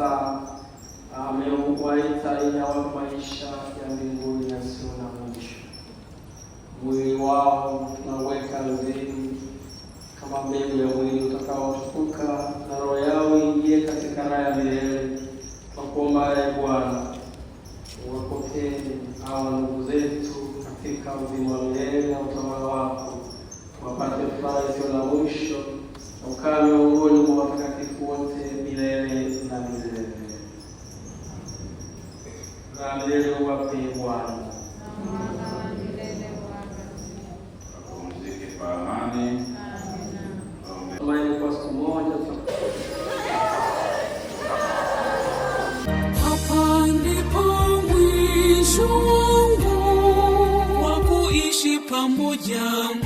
sasa amewaita ili awape maisha ya mbinguni yasiyo na mwisho. Mwili wao tunaweka ardhini kama mbegu ya mwili utakaotukuka na milele wape Bwana. pamoja,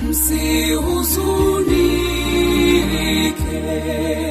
msihuzunike.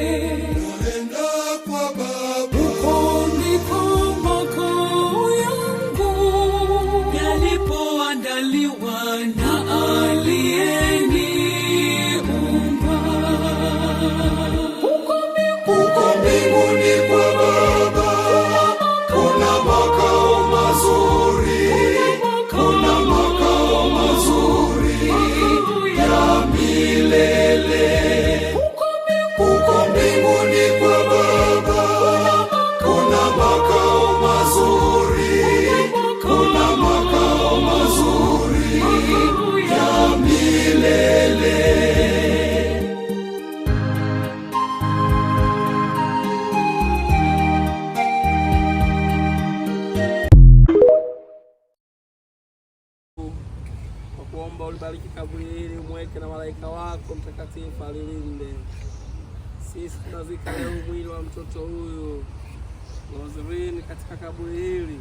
kuomba ulibariki kaburi hili, umweke na malaika wako mtakatifu alilinde. Sisi tunazika leo mwili wa mtoto huyu Roselini katika kaburi hili,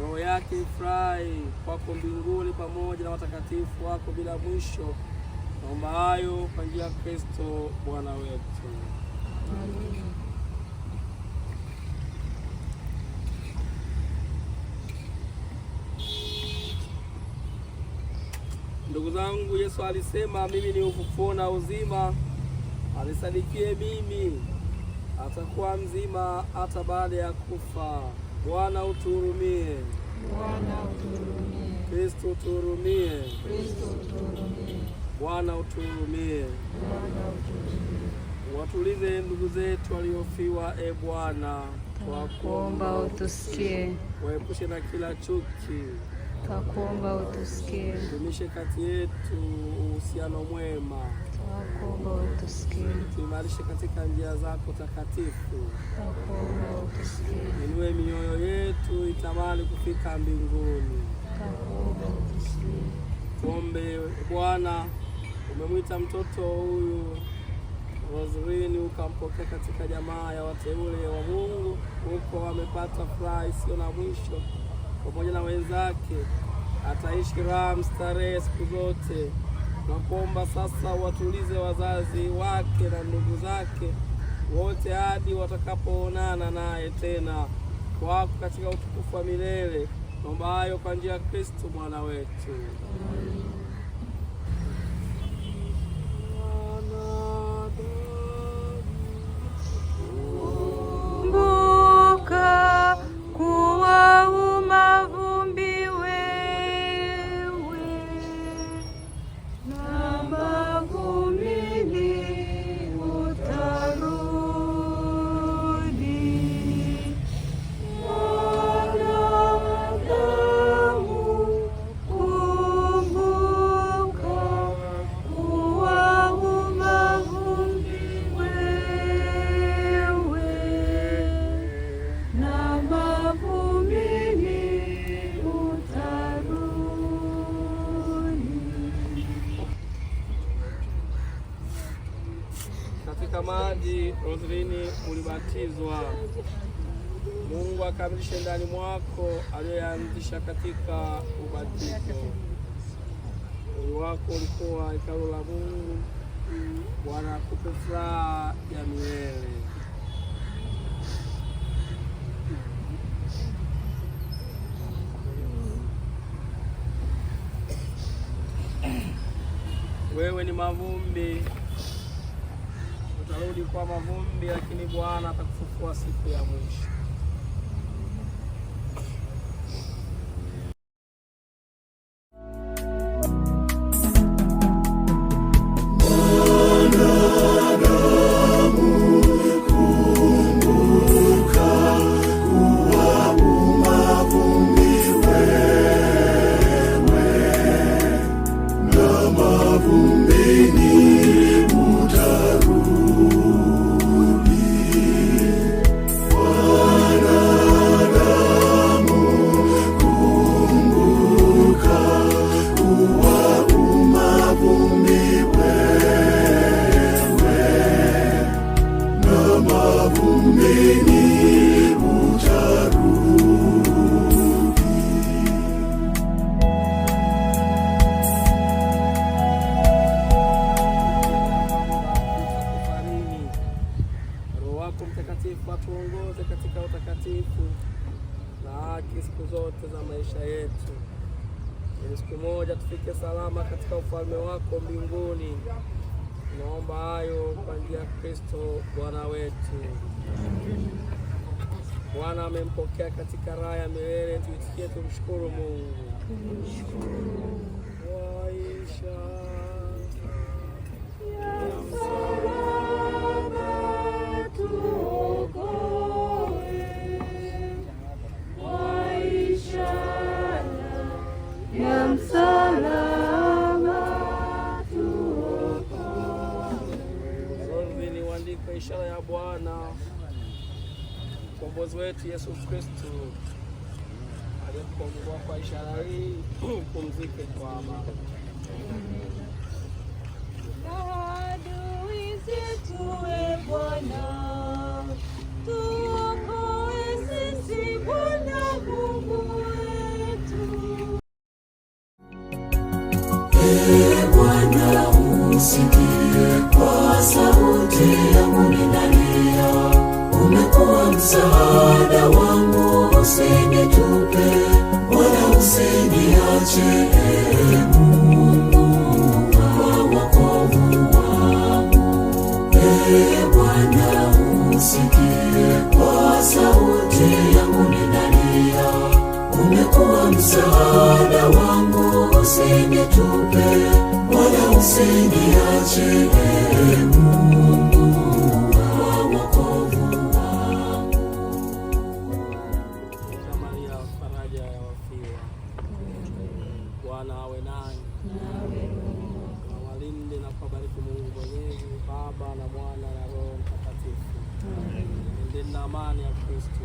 roho yake ifurahi kwako mbinguni pamoja na watakatifu wako bila mwisho. Naomba hayo kwa njia ya Kristo Bwana wetu. Ndugu zangu, Yesu alisema mimi ni ufufuo na uzima, anisadikie mimi atakuwa mzima hata baada ya kufa. Bwana utuhurumie. Bwana utuhurumie. Kristo utuhurumie. Kristo utuhurumie. Bwana utuhurumie. Bwana utuhurumie. Watulize ndugu zetu waliofiwa, e Bwana, kwa kuomba utusikie. Waepushe na kila chuki Twakuomba utusikie. Tudumishe kati yetu uhusiano mwema. Twakuomba utusikie. Tuimarishe katika njia zako takatifu. Twakuomba utusikie. Inue mioyo yetu itamani kufika mbinguni. Twakuomba utusikie. Tuombe Bwana, umemwita mtoto huyu Roselini ukampokea katika jamaa ya wateule wa Mungu, huko wamepata furaha isiyo na mwisho pamoja na wenzake, ataishi raha mstarehe siku zote. Nakuomba sasa watulize wazazi wake na ndugu zake wote hadi watakapoonana naye tena kwako katika utukufu wa milele. Naomba hayo kwa njia ya Kristo Bwana wetu. maji Rosarini ulibatizwa. Mungu akamilishe ndani mwako aliyoyaanzisha katika ubatizo. Mwili wako ulikuwa hekalu la Mungu. Bwana akupe furaha ya milele. Wewe ni mavumbi tunarudi kwa mavumbi, lakini Bwana atakufufua siku ya mwisho. haki siku zote za maisha yetu, ili siku moja tufike salama katika ufalme wako mbinguni. Tunaomba hayo kwa njia ya Kristo Bwana wetu. Bwana amempokea katika raha ya milele. Tuitikie, tumshukuru Mungu. Waisha Mkombozi wetu Yesu Kristo aliyekomboa kwa ishara hii, pumzike kwa amani. Adui zetu Bwana, tuokoe sisi Bwana Mungu wetu. Ee Bwana, usikie kwa sauti msaada wangu, usinitupe wala usiniache naye awalinde na kuwabariki Mungu Mwenyezi, Baba na Mwana na Roho Mtakatifu. Endeni na amani ya Kristo.